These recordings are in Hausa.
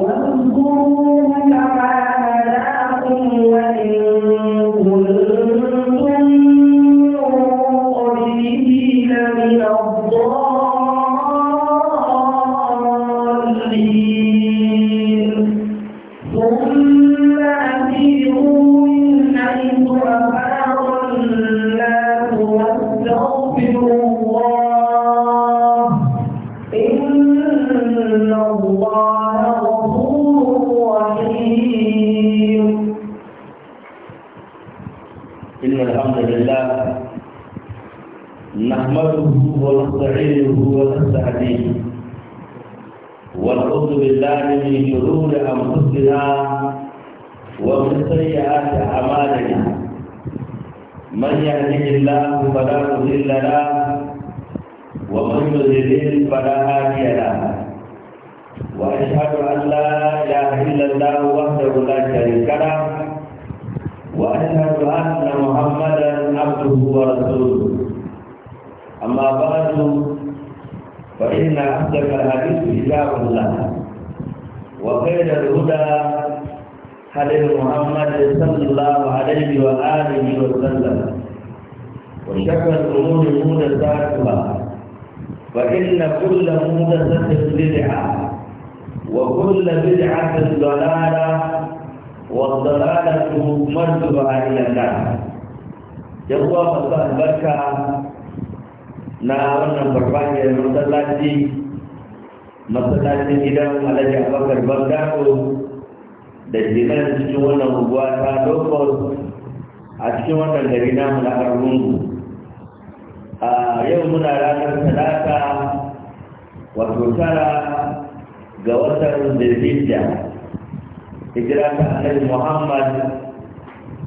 واذكروا نعمة الله عبده ورسوله أما بعد فإن أصدق الحديث كتاب الله وخير الهدى حديث محمد صلى الله عليه وآله وسلم وشكر الأمور محدثاتها فإن كل محدثة بدعة وكل بدعة ضلالة والضلالة مرتبة إلى النار yan uwa masu albarka na wannan farfajiyar masallaci masallacin gidan alhaji abakar bangaro da ke cikin wannan guguwa ta lokos a cikin wannan gari na mulakar rungu a yau muna ranar talata wato tara ga watan zirgijiya hijira ta annabi muhammad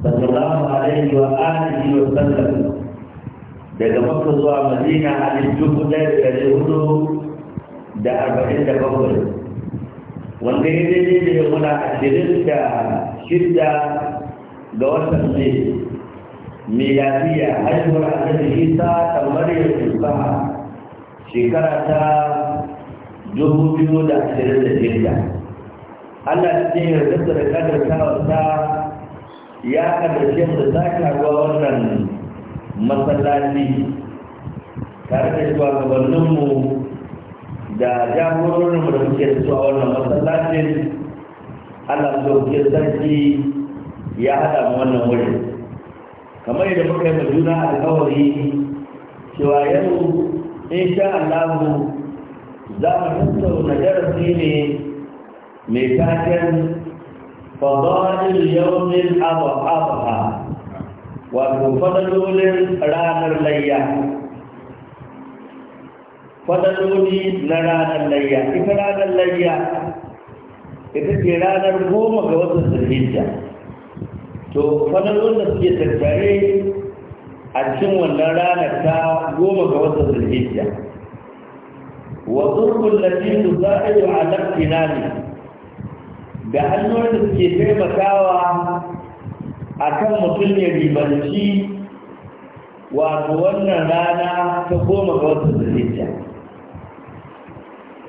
sallallahu alaihi wa alihi wa sallam daga makka zuwa madina a dubu ɗaya da hudu da arba'in da bakwai wanda ya daidai da a ashirin da shidda ga watan ne miladiya haihuwar annabi isa ta maryam isa shekara ta dubu biyu da ashirin da shidda Allah ya ce yarda da kadarta wata ya kadarce da sake wannan masallaci tare da shugabanninmu da jagororinmu da muke da su a wannan masallacin Allah sarki ya haɗa mu wannan wuri kamar yadda muka yi juna alkawari cewa yau insha Allah za mu tattauna darasi ne mai taken fadail yawmin adha wato fadalolin ranar layya fadaloli na ranar layya ita ranar layya ita ce ranar goma ga watan zulhijja to fadalolin da suke tattare a cikin wannan ranar ta goma ga watan zulhijja wa turkun lati tusaidu ala tinani da hannun da suke taimakawa a kan mutum ya ribanci wato wannan rana ta goma ga wata zuciya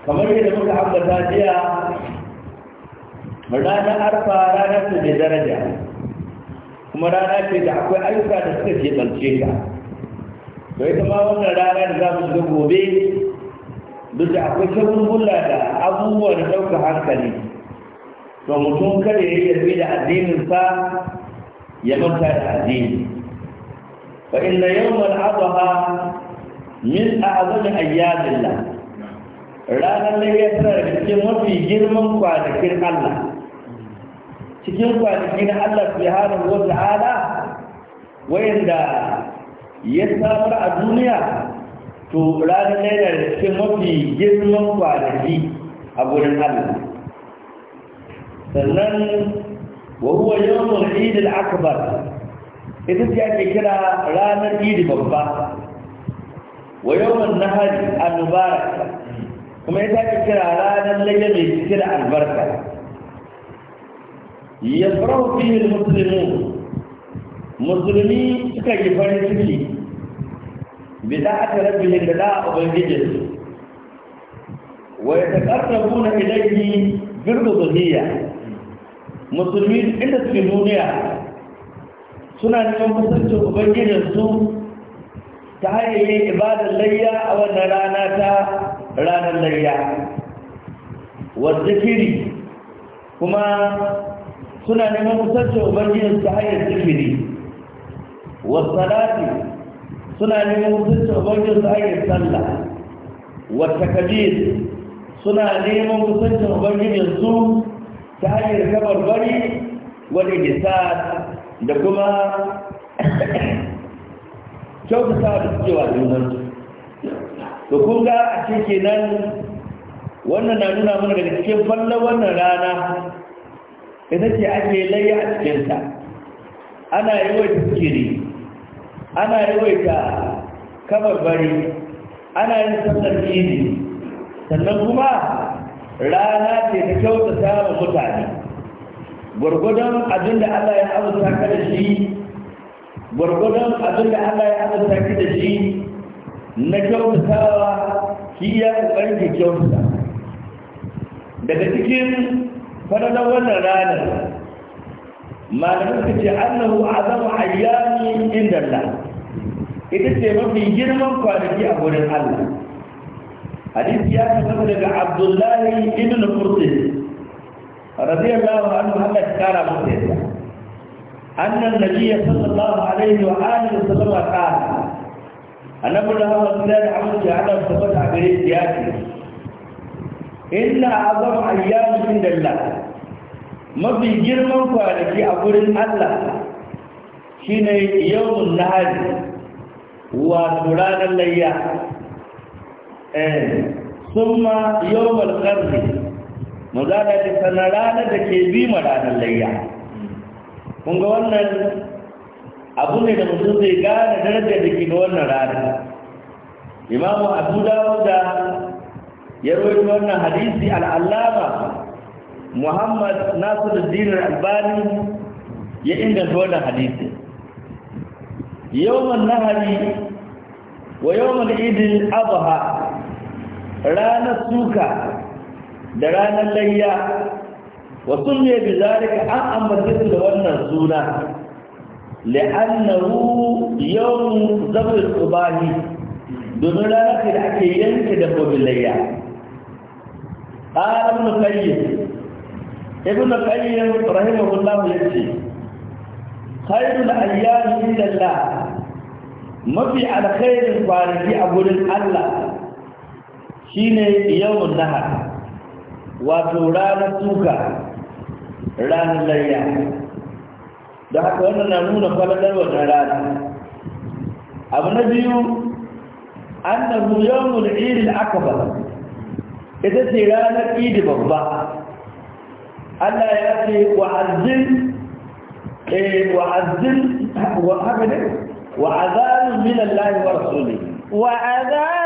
kamar yadda muka ambata jiya ranar arfa rana ce mai daraja kuma rana ce da akwai ayyuka da suka keɓance ka Da ita ma wannan rana da za mu shiga gobe duk da akwai shagulgula da abubuwa da ɗauka hankali to mutum kada ya yi da addinin sa ya manta da addini fa inna yawmal adha min a'zami ayyadillah ranar da ya tsara cikin mafi girman kwanakin Allah cikin kwanakin Allah subhanahu wa ta'ala wayanda ya samar a duniya to ranar da ya cikin mafi girman kwanaki a gurin Allah سنن وهو يوم العيد الأكبر إذا تأتي كلا رام العيد ببا ويوم النهر المبارك كما إذا تأتي كلا رام الليل كلا البركة يفرح فيه المسلمون مسلمين تكيفان فيه بداعة ربه لله وبنجده ويتقربون إليه بالرضوية musulmi inda suke duniya suna neman kusancin ubangijinsu ta hanyoyin ibadar layya a wannan rana ta ranar layya wadda kiri kuma suna neman kusancin ubangijinsu ta hanyar zikiri wasalati suna neman kusancin ubangijinsu ta hanyar sallah wadda kabir suna neman kusancin ubangijinsu ta hanyar kamar bari wani gisa da kuma kyautata da suke wa junansu kun ga a cikin nan wannan na nuna mana daga cikin fallon wannan rana ita ce ake layya a cikinta ana yawaita sikiri ana yawaita bari ana yin sallar idi sannan kuma rana ce ta kyauta ta wa mutane gwargwadon abin da Allah ya azurta ka da shi gwargwadon abin da Allah ya azurta ka da shi na wa shi ya kokarin ke kyauta. daga cikin fadalar wannan ranar malamin ka ce annahu azamu ayyami inda Allah ita ce mafi girman kwanaki a gurin Allah hadisi ya kasance daga abdullahi ibn murtis radiyallahu anhu Allah ya kara masa yadda annan nabiyyi sallallahu alaihi wa alihi wasallam qala annabi da hawa da amince Allah tabbata a gare shi ya ce inna azam ayyamu indallah mafi girman kwanaki a gurin Allah shine yawmun nahari wa ranar layya Eh, summa yawmal qardi magana da sanar ranar da ke bi ma ranar layya kun ga wannan abu ne da mutum zai gane darajar da ke ga wannan rana imamu abu dawuda ya rawaito wannan hadisi al'allama muhammad nasiruddin albani ya inganta wannan hadisi yawman nahari wa yawman idil adha ranar suka da ranar layya wa sun ne bi zarika an ambace su da wannan suna la'annahu yawm al qubahi domin ranar da ake yanke da babu layya قال ibn القيم ابن القيم رحمه الله يقول خير الايام عند الله mafi alkhairin kwanaki a gurin Allah shine yawon naha wato ranar tuka ranar layya da haka wannan na nuna kwaladar wannan rana abu na biyu an da yawon irin ba. ita ce ranar idi babba Allah ya ce wa'azin eh, wa'azin haka ne wa'azin min Allah wa rasulihi wa'azin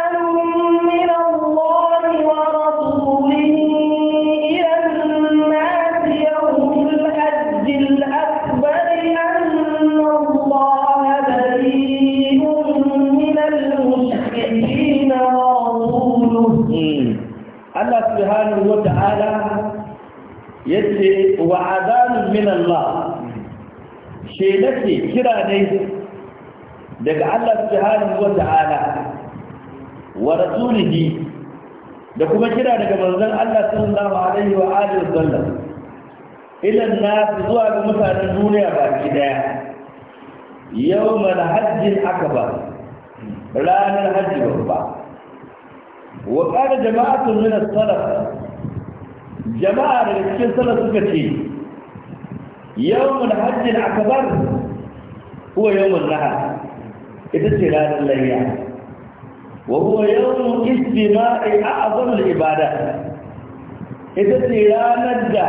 yace wa azanun min Allah shela ce kira ne daga Allah subhanahu wa ta'ala wa rasulihi da kuma kira daga manzon Allah sallallahu alaihi wa alihi wasallam ila nas zuwa ga mutanen duniya baki daya yawmal hajjil akbar ranar hajji babba wa qala jama'atun min as-salaf jama'a daga cikin salaf suka ce yawmal hajjil akbar huwa yawmun nahar ita ce ranar layya وهو يوم استماع أعظم العبادات ita ce ranar da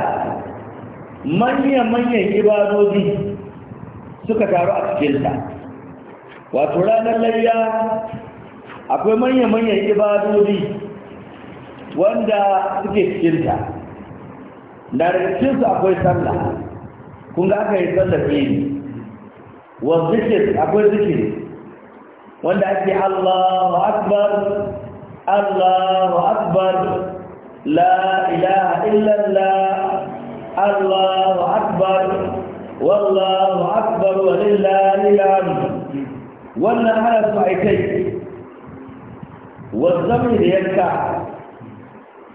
manya-manyan ibadoji suka taru a cikinta wato ranar layya akwai manya-manyan ibadoji wanda suke cikinta da daga akwai sallah kun ga aka yi sallah ne wa akwai zikiri wanda ake Allahu akbar Allahu akbar la ilaha illallah Allahu akbar wallahu akbar walillahi alhamd wannan hana su aikai wanzami da yanka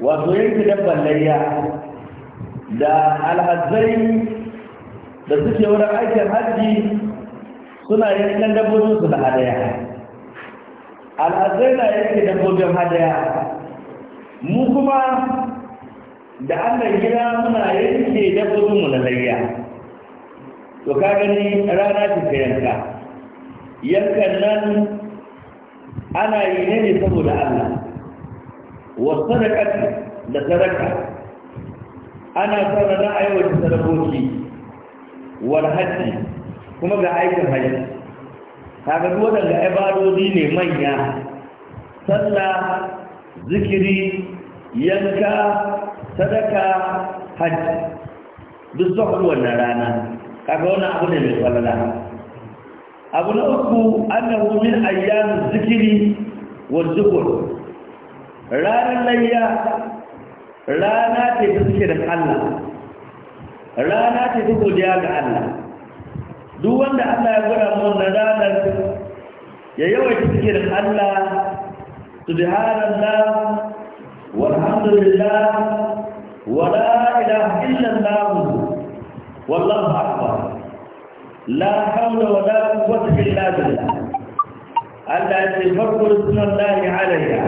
wato yanki dabban layya da alhazzarin da suke wurin aikin hajji suna yankan dabbobinsu da hadaya al'azai na da dabbobin hadaya mu kuma da allah gida muna yanke dabbobinmu na layya to ka gani rana ce ta yanka yankan nan ana yi ne ne saboda allah wasu da sadaka ana sarara aiwata sadakoki wal hajji kuma ga aikin hajji kaga duk waɗanda ibadodi ne manya sallah zikiri yanka sadaka hajji duk ku wannan rana kaga wannan abu ne mai falala abu na uku annahu min ayyam zikiri wa zukur ranar layya rana ce ta suke da Allah rana ce ta godiya ga Allah duk wanda Allah ya gwada mu na ranar ya yawaita zikirin Allah subhanallah walhamdulillah wala ilaha illallah wallahu akbar la hawla wala quwwata illa billah Allah ya ce farko sunan lahi alayya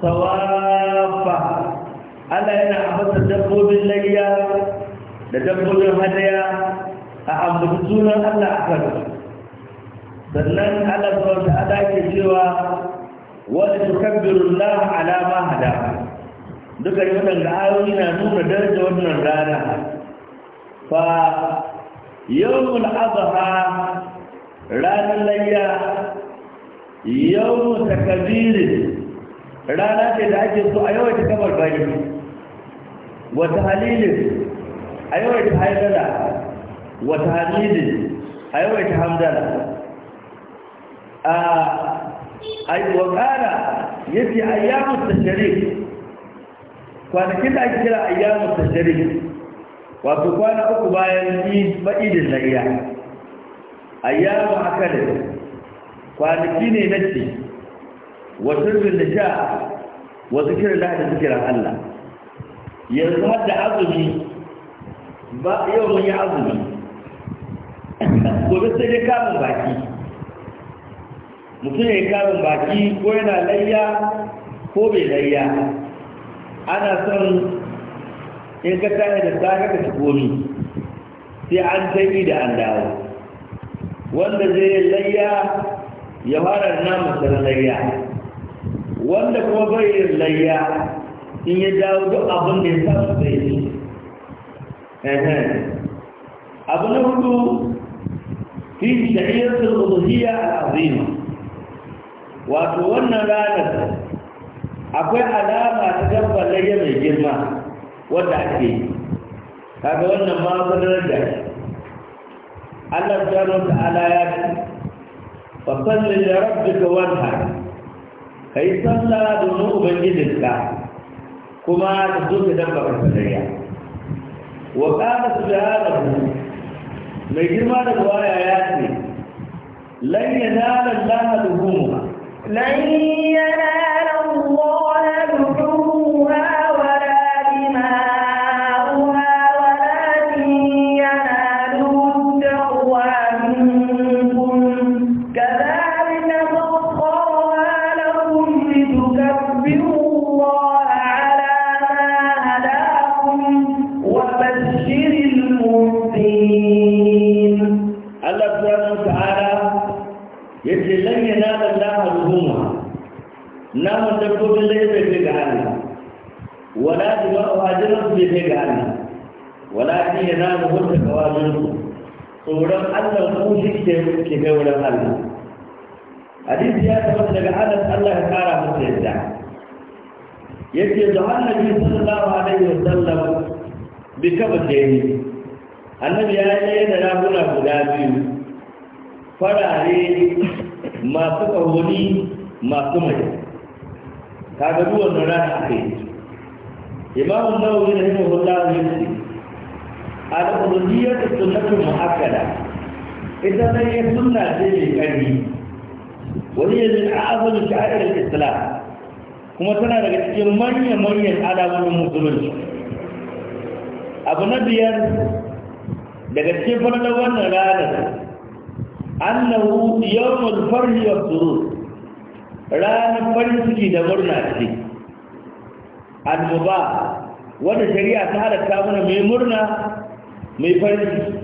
sawafa Allah yana ambata dabbobin layya da dabbobin hadaya a ambaci sunan Allah a kan sannan Allah zuwa ta ada ke cewa wani tukabbirun la alama hada duka yi waɗanda ayoyi na nuna daraja wannan rana fa yawmul adha ranar layya yawmul takbirin rana ce da ake so a yawaita kamar bari wata halilin a yawaita haidala wata hamidin a yawaita hamdala a yi wakara ya ce ayyamun tashari kwanakin da ake kira ayyamun tashari wato kwana uku bayan yi ma'idin layya ayyamun akalin kwanaki ne na ce wasirin da sha wa zikirin da ake zikirin Allah yanzu har da azumi ba yau mun yi azumi gobe sai dai kamun baki mutum ya kamun baki ko yana layya ko bai layya ana son in ka tare da tsaka ka ni sai an taimi da an dawo wanda zai yi layya ya fara namun sanar layya wanda kuma bai yin layya in ya dawo duk abin da ya samu zai yi abu na hudu fi sha'iyatul udhiyya al-azima wato wannan ranar akwai alama ta dabbar layya mai girma wadda ake yi kaga wannan ma fadarar da Allah subhanahu ta'ala ya ce fa salli li rabbika wanhar kai salla domin ubangijinka kuma da zo ka dabbar layya wa qala subhanahu mai girma da waya ya ce lan yanala Allah duhuma lan yanala Allah dabbobin da bai fi ga hannu wala ji ba a wajen su bai kai ga hannu wala ji ya na da hulka ga wajen su tsoron allah ku shi ke ke kai wurin allah hadisi ya tabbata daga anas allah ya kara masa yadda yake da yi sallallahu alaihi wasallam bi kaba yi annabi ya yi da raguna guda biyu farare masu ƙahoni masu mai kaga duk wannan rana na yi imamu nawawi hulla ne shi al-uluhiyyah sunnatun muakkada idan ne ya sunna ce ne karfi wani yanzu a azalu sha'irar islam kuma tana daga cikin manyan manyan adabun musulunci abu na biyar daga cikin farnar wannan ranar annahu yawmul farhi wa surur ranar farin ciki da murna ce annoba wanda shari'a ta halatta mana mai murna mai farin ciki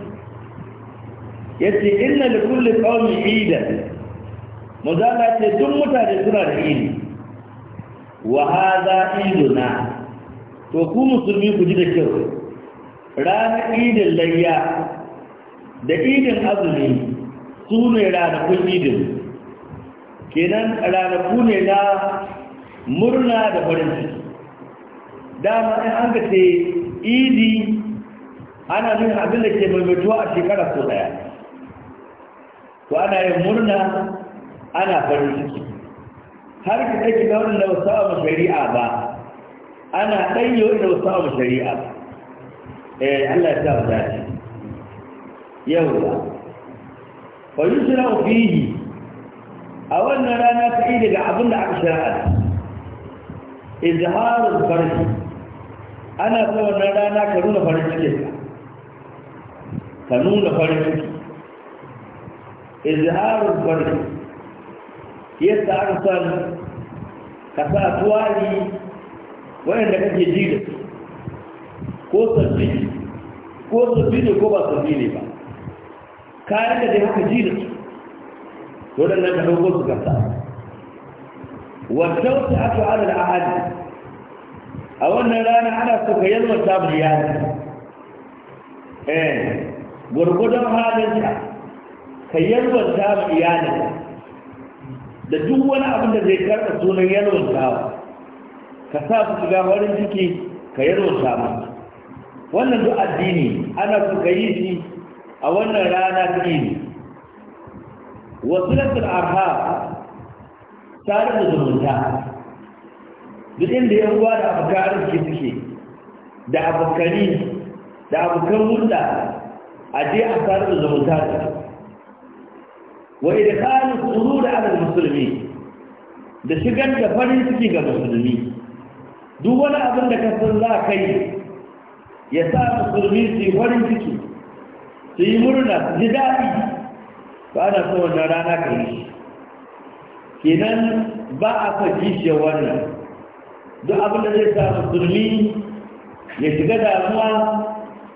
yace inna li kulli qaumin idan mazala ce tun mutane suna da idi wa hadha na? to ku musulmi ku ji da kyau ranar idin layya da idin azumi su ne ranakun idin kenan ranaku ne na murna da farin ciki dama in an ka ce idi ana nuna abin da ke maimaituwa a shekara ko daya to ana yin murna ana farin ciki har ka ɗaki ga wani ba sa mu shari'a ba ana danyo wanda ba sa mu shari'a ba eh Allah ya sa a ce yau ba fa yusra ofihi a wannan rana ta yi daga abin da aka da izharul farji ana so wannan rana ka nuna farin cikin ka nuna farin ciki izharul farji yadda aka san ka sa tuwari wayanda kake ji da su ko sabbi ko sabbi ne ko ba sabbi ne ba kayan da dai haka ji da su waɗannan ka dauko su kasa wata wata aka ala da ahadi a wannan rana ana so ka yalwata mu yaki eh gurgudan halinka ka yalwata mu iyalinka da duk wani abin da zai karɓa sunan yalwatawa ka sa su shiga farin ciki ka yalwata mu wannan duk addini ana so ka yi shi a wannan rana ta ne wasilatul arha tare da zumunta duk inda yan uwa da abokan arziki suke da abokani da abokan hulɗa a je a tare da zumunta da wa idkhalu surur ala musulmi da shigar da farin ciki ga musulmi duk wani abin da ka san za ka yi ya sa musulmi su yi farin ciki su yi murna su ji daɗi ba da so wannan rana ka yi kenan ba a fa shi wannan duk abin da zai sa musulmi ya shiga damuwa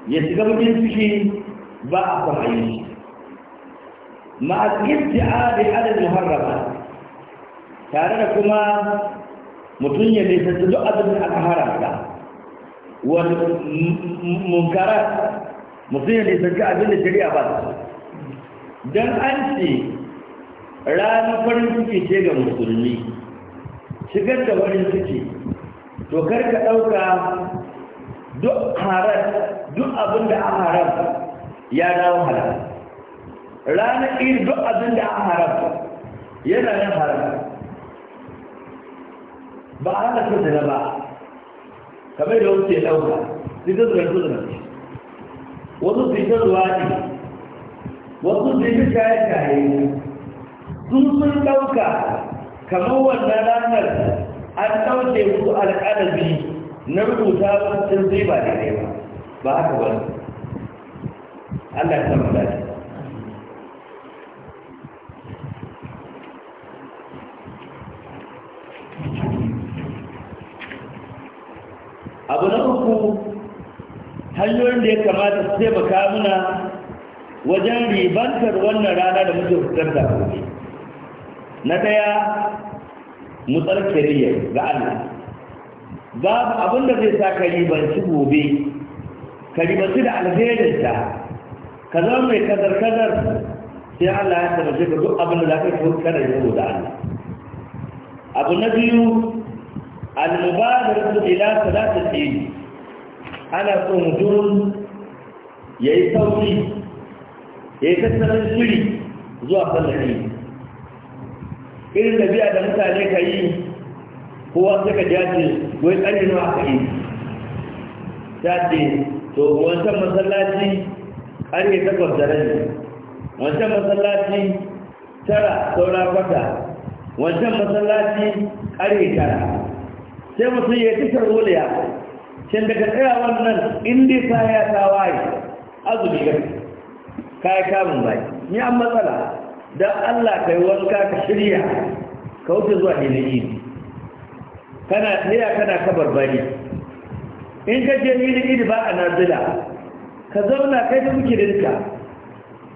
ya shiga bakin ciki ba a fa hayi ma'azikin ti'a da adadin muharrama tare da kuma mutum ya nisanci duk abin da aka haramta wani munkara mutum ya nisanci abin da shari'a ba su don an ce ranar farin ciki ce ga musulmi shigar da farin ciki to karka ɗauka duk haram duk abin da an haram ya dawo haram ranar iri duk abin da an haram yana nan haram ba a hana su zina ba kamar da wuce ɗauka su ta zuwa su zina wasu su ta zuwa ne wasu zai yi shaye-shaye sun sun dauka kamar wannan ranar an dauke su alƙalabi na rubuta sun zai ba daidai ba ba haka ba Allah ya samu dace abu na uku hanyoyin da ya kamata su taimaka muna wajen ribantar wannan rana da muke fitar da gobe na daya mu tsarki ga Allah babu abinda zai sa ka ribanci gobe ka ribanci da alherinta ka zama mai kazar-kazar sai Allah ya tabbace ka duk abin da za ka yi kada ya zo da Allah abu na biyu al-mubadaratu ila salati al-eid ana so mutum yayi sauri ya yi tattalin shiri zuwa sallar irin da biya da mutane ka yi kowa suka jace wai tsari nawa ka yi ta ce to wancan masallaci ƙarfe takwas da rai wancan masallaci tara saura kwata wancan masallaci ƙarfe tara sai mutum ya ci taroliya shin daga tsaya wannan inda sa ya tawaye azumi gaske ka yi kamun baki ni an matsala don allah ka yi wanka ka shirya ka wuce zuwa hilin idi kana tsaya kana kabar bari in ka je hilin iri ba a nazila ka zauna kai da mukirinka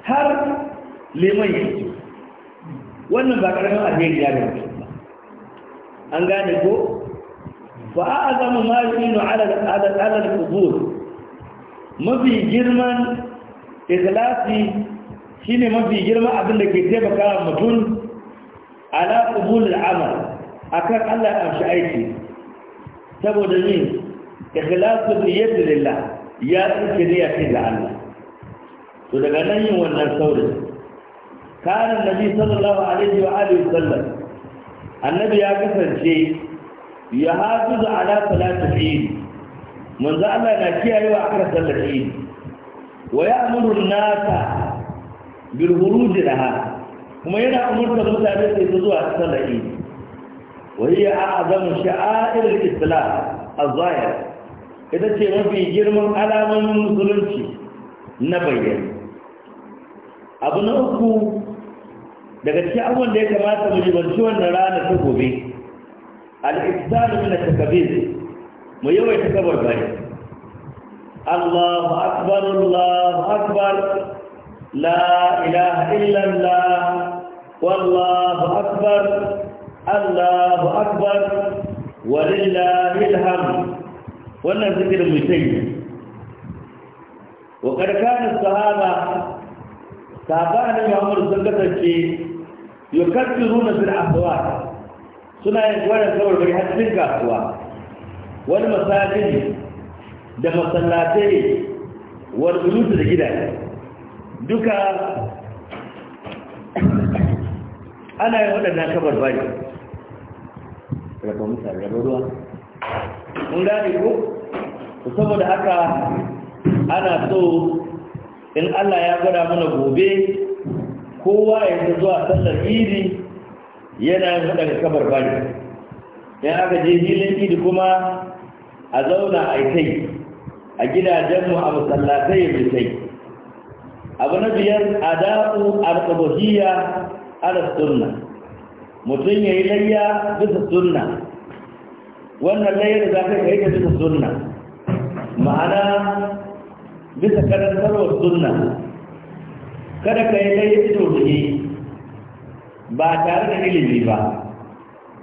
har liman yi wannan ba ƙarfin alheri ya gaba an gane ko Ba a azamu ma yi inu alal kubur mafi girman ikhlasi shine mafi girma abin da ke taimaka mutum ala qubulul amal akan Allah ya amshi aiki saboda ni ikhlasu niyyati lillah ya tsike ne ya ce ga Allah to daga nan yin wannan saurin kana nabi sallallahu alaihi wa alihi sallam annabi ya kasance ya hafiza ala salati fi manzo Allah na wa akan sallar Eid waya ya'muru nata nasa bil khuruj laha kuma yana umurtar mutane su yi zuwa sallar waya wa hiya a'zamu sha'air al-islam a zahir ita ce mafi girman alamomin musulunci na bayyana abu na uku daga cikin abin da ya kamata mu jibanci wannan rana ta gobe al-ibtadu min takabir mu yawaita kabar bari الله أكبر الله أكبر لا إله إلا الله والله أكبر الله أكبر ولله الهم ونذكر المسيح وقد كان الصحابة صحابان يعمر سنقتك يكثرون في الأحوال سنة يقول الزور في حسن الأحوال والمساجد da masallatai war buyut da gida duka ana yin waɗannan kabar bari raba mutane raba ruwa mun gane ko saboda haka ana so in Allah ya gwada mana gobe kowa ya ta zuwa sallar idi yana yin waɗanda kabar bari in aka je hilin idi kuma a zauna a kai a gidajenmu a masallatai sai abu na biyar ada'u al-ubudiyya ala sunna mutum yayi layya bisa sunna wannan layyar da zaka yi da bisa sunna ma'ana bisa karantarwar sunna kada ka yi layyar ito ba tare da ilimi ba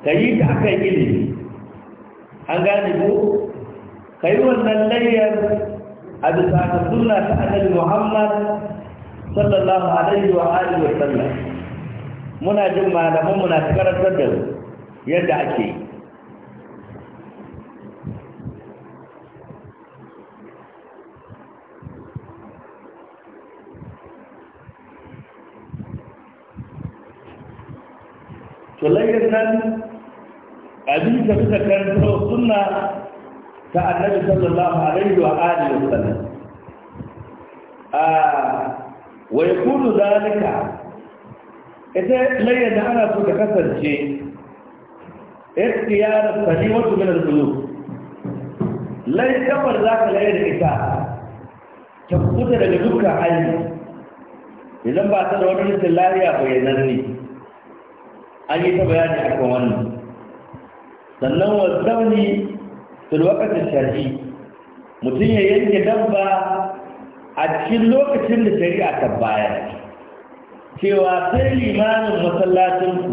ka yi ta akan ilimi an gane ko خيرون من ليل أبي سعد الدنة محمد صلى الله عليه وآله وسلم منا جمع لهم منا سكرة سجل يدعكي Kulayyar nan abin da suka kanto ta annabi sallallahu alaihi wa alihi wa sallam ah, wa yakunu zalika ita layyar da ana so ta kasance ikhtiyar salimatu min al-qulub lai kamar zaka da ita ta kuta daga dukkan hali idan ba ta da wani rikin lafiya ne, an yi ta bayani a kan wannan sannan wa zauni fil waqti shari'i mutum ya yanke dabba a cikin lokacin da shari'a ta bayar cewa sai limanin masallacin ku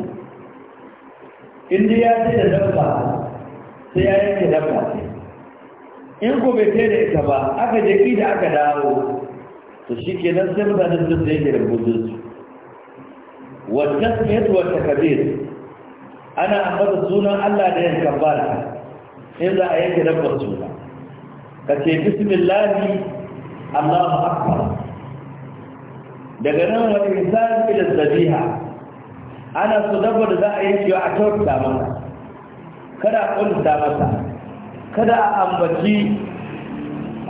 inda ya ce da dabba sai ya yanke dabba in ku bai ce da ita ba aka je da aka dawo to shi ke nan sai mutanen sun da yake da gudunsu wata smith wata kabir ana ambata sunan allah da yin kabbarka in za a yanke dabbar juna ka ce bismillahi allahu akbar daga nan wani misali ila zabiha ana so dabbar da za a yanke a kyauta mana kada a kwanta mata kada a ambaci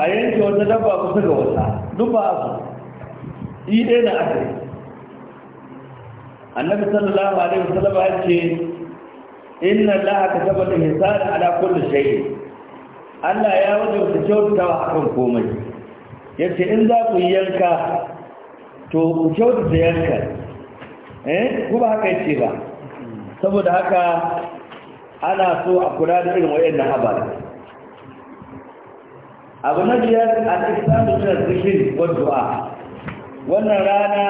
a yanke wata dabba kusa ga wata duk ba su yi ɗaya na aka annabi sallallahu alaihi wasallam ya ce inna allaha kataba al-ihsana ala kulli shay'in Allah ya wajabta wa akan komai yace in za ku yanka to ku kyautata yanka eh ku ba haka yace ba saboda haka ana so a kula da irin wayannan habari abu na biyar al-ihsanu min zikir zikr du'a wannan rana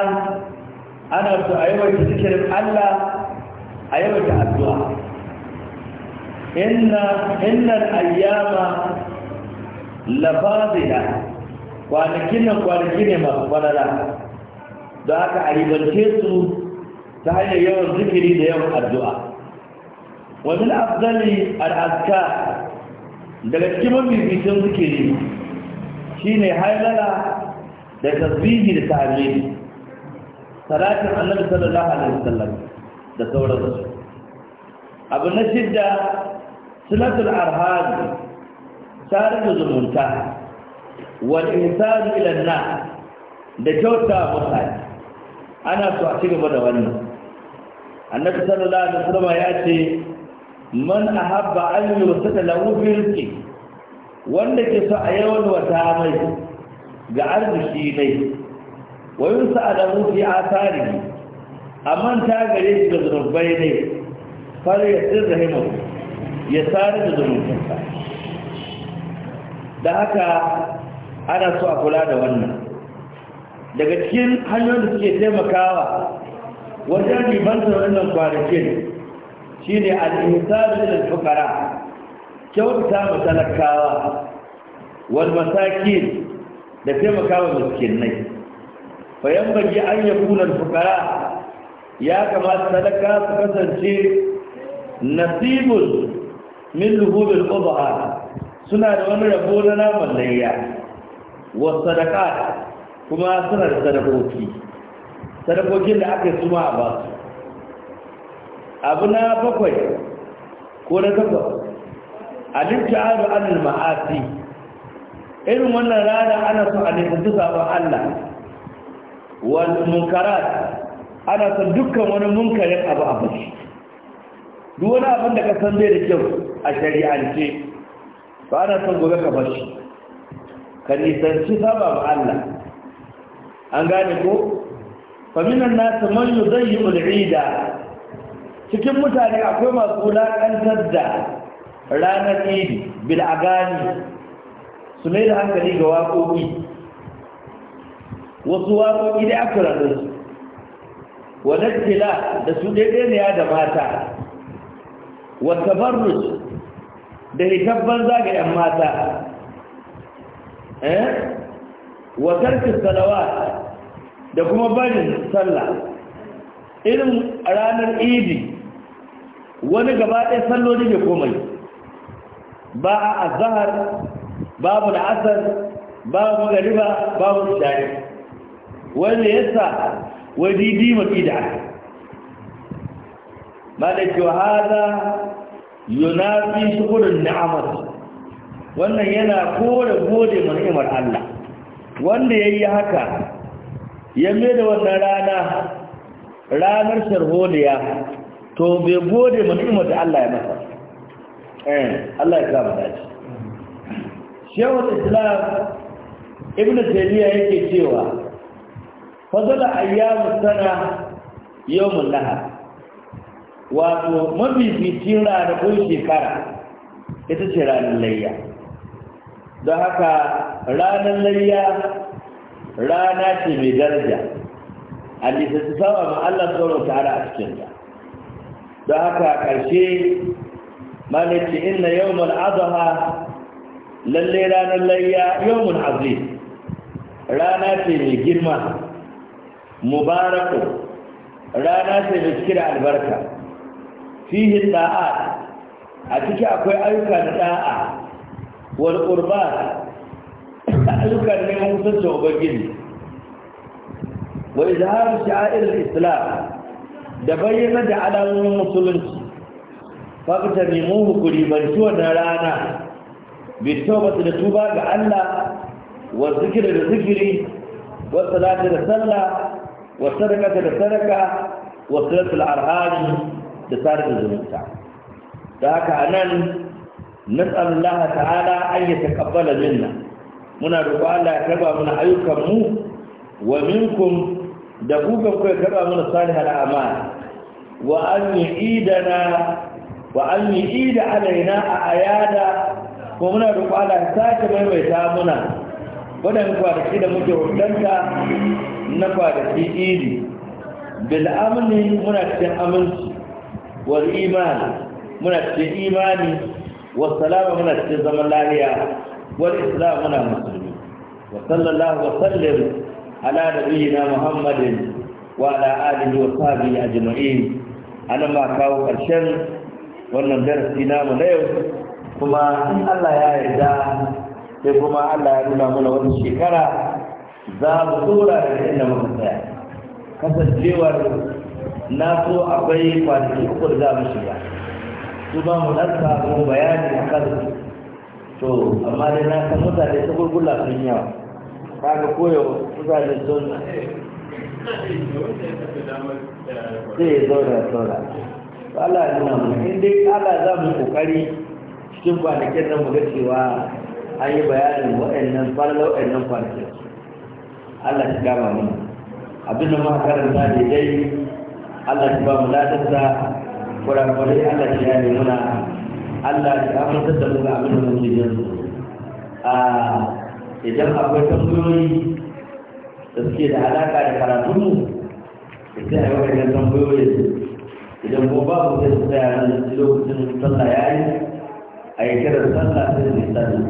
ana so a yi wa zikirin Allah innan ayyama lafazila kwanakin nan kwanaki ne masu falala da aka aribance su ta hanyar yawan zikiri da yawan addu'a wani al'afdali al'azka daga cikin mafificin zikiri shi ne hailala da tasbihi da ta'amini salatin annabi sallallahu alaihi wasallam da sauransu abu na shidda silatul arham tare da zumunta wal ihsan ila na da kyauta mutane ana so a cigaba da wannan annabi sallallahu alaihi wasallam ya ce man ahabba an yusata lahu fi rizqi wanda ke so a yawan wata mai ga arziki ne wa yusa rufi a asari A ta gare shi da zurbai ne fara ya sirra ya tsari da zumuncinsa da haka ana so a kula da wannan daga cikin hanyoyin da suke taimakawa wajen ribantar wannan kwanakin shi ne al'insari da fukara kyauta matalakawa wani masaki da taimakawa miskinai bayan bagi an yi kunan fukara ya kamata talaka su kasance nasibun min luhubin ubaha suna da wani rabo na naman layya wa sadaka kuma suna da sadakoki sadakokin da aka suma a ba su. abu na bakwai ko na takwas alimta'adu anil ma'asi irin wannan rana ana su a nisanci sabon Allah wani munkarar ana son dukkan wani munkarin abu a bashi duwana abin da ka zai da kyau a shari'ance ba na son gobe ka ka nisanci saba ba Allah an gane ko faminan nasu man yi zai yi ul'ida cikin mutane akwai masu wulaƙantar da ranar idi bil'agani su mai da hankali ga waƙoƙi wasu waƙoƙi da aka ranar su da su ɗaiɗaya da mata wata barnus da hitabban zaga ‘yan mata eh watarkin salawa da kuma barin sallah irin ranar idi wani gaba ɗaya salloli ne komai ba a azahar babu da asar babu magariba babu shari wanda yasa wadidi mafi da ba da kyau hada yunafi shukurin ni'amar wannan yana kore gode ma ni'imar Allah wanda yayi haka ya da wannan rana ranar sharholiya to bai gode ma ni'imar da Allah ya masa eh Allah ya kama dace Shehu Islam Ibn Taymiyyah yake cewa fadala ayyamu sana yawmun lahar. wato rana ko shekara ita ce ranar layya don haka ranar layya rana ce mai daraja a nisanci sama ma Allah tsoron ta'ala a cikinta don haka ƙarshe malaci inna yawon azaha lalle ranar layya yawon azim rana ce mai girma mubaraku rana ce mai cike albarka fihi da'a a ciki akwai ayyuka na da'a wal qurba ayyuka ne mun da ubangiji wa izhar sha'ir al-islam da bayyana da alamun musulunci fafita nemo hukuri ban ci na rana bi tawbata da tuba ga Allah wa zikiri da zikiri wa salati da sallah wa sadaqata da sadaqa wa salatul arham da sadar da zumunta da haka anan Allah ta'ala an yi taqabbala minna muna rufa Allah ya karba mana ayyukanmu wa minkum da kukan kuwa ku ya karba mana salihal a'mal wa an idana wa an ida alaina a ayada ko muna rufa Allah ya sake maimaita muna wadan kwanaki da muke hudanta na kwanaki iri bil amini muna cikin aminci wal iman muna cikin imani wa salama muna cikin zaman lafiya wani islam muna musulmi wa sallallahu wa sallim ala nabiyyina muhammadin wa ala alihi wa jima'i a nan ma kawo ƙarshen wannan darasi namu na yau kuma in Allah ya yarda sai kuma Allah ya nuna mana wani shekara za mu tura da inda muka tsaya kasancewar na so akwai kwanaki uku da za mu shiga su ba mu nasta mu bayani a kan to amma dai na san mutane ta gurgula sun yawa ba ga koyo mutane sun zai zaura zaura Allah ya nuna mu in dai Allah za mu kokari cikin kwanakin nan mu ga cewa an yi bayanin waɗannan farlo waɗannan kwanakin Allah ya gama mu abin da muka karanta da dai Allah shi ba mu ladarsa kurakurai Allah shi ya muna Allah shi amintar da muka abin da muke jin su a idan akwai tambayoyi da suke da alaka da karatunmu sai a yi wajen tambayoyi idan ko ba babu sai su tsaya nan lokacin sallah ya yi a yi kiran sallah sai su yi sallah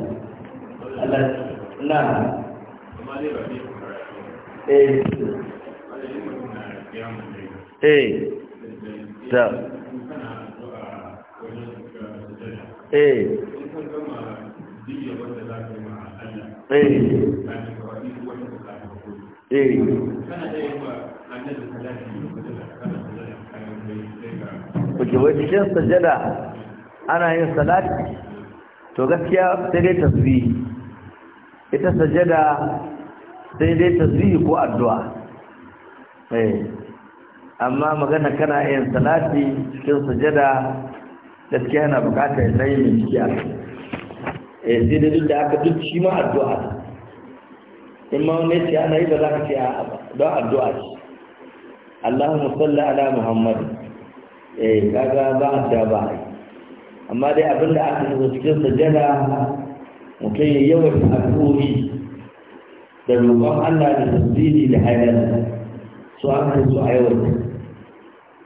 Allah na Eh, eh ta eh, eh. eh. Kuke wai cikin sajada ana yin salati to gaskiya sai dai tasbihi ita sajada sai dai tasbihi ko addu'a eh amma magana kana yin salati cikin sujada gaskiya yana bukatar sai mai a eh sai da duk da aka duk shi ma addu'a in ma wani ce ana yi ba za ka ce don addu'a ce Allahumma salli ala Muhammad eh kaga ba da ba amma dai abinda aka yi cikin sujada mutum ya yawan addu'o'i da roƙon Allah da tasiri da hayar su an kai su a yawan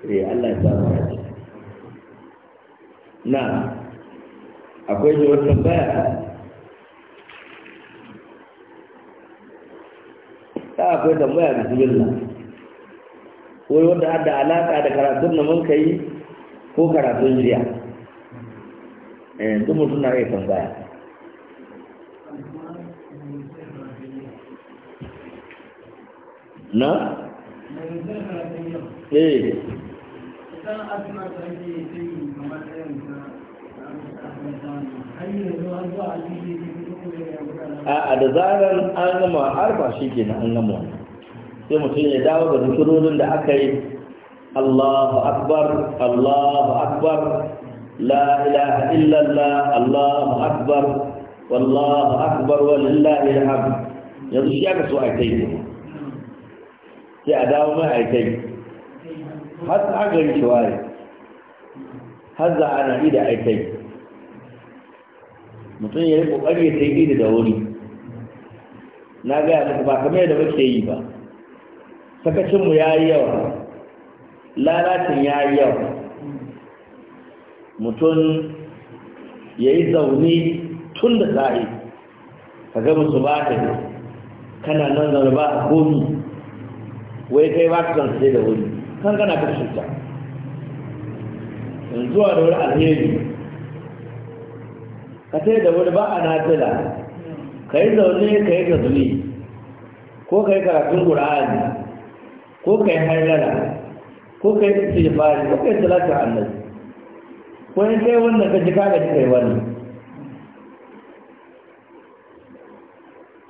eh Allah ya samu rashi na akwai da wata baya ta akwai tambaya da bismillah wai wanda har da alaƙa da karatun da mun kai ko karatun jiya eh mutum na iya tambaya na? eh da a da zarar an gama arba shi ke na an gama sai mutum ya dawo da zikirorin da aka yi allahu akbar allahu akbar la ilaha illallah allahu akbar wallahu akbar walillahi alhamd yanzu shi aka so a kai sai a dawo mai a kai har ta gari shi har za ana da aikai mutum ya yi kokari ya sai ida da wuri na gaya muku ba kamar yadda muke yi ba sakacinmu ya yi yawa lalacin ya yi yawa mutum ya yi zaune tun da tsari ka gama su ba ta kana nan zaune ba a komi wai kai ba ka san da wuri kan gana ka ta in zuwa da wani alheri ka sai da wani ba a tila ka yi zaune ka yi zazuli ko ka yi karatun ƙura'ani ko ka yi hanyara ko ka yi fari ko ka yi salatu annabi ko yi kai wannan ka ji kaga ji kai wani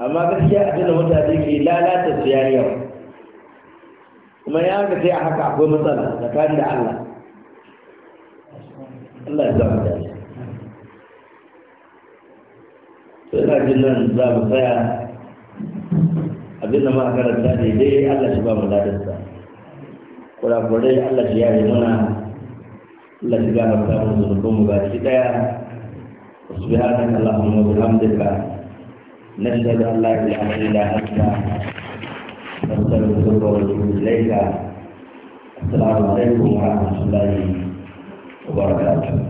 amma gaskiya a tuna mutane ke lalata su yayi yawa kuma ya ga sai a haka akwai matsala tsakanin da Allah Allah ya zama da shi to ina nan za mu tsaya abin da ma karanta ne dai Allah shi ba mu ladarsa kurakurai Allah shi yare mana Allah shi gana ta mu zurfin mu ba shi ɗaya. daya subhanaka allahumma wa bihamdika nashhadu an la ilaha illa anta Assalamualaikum warahmatullahi wabarakatuh.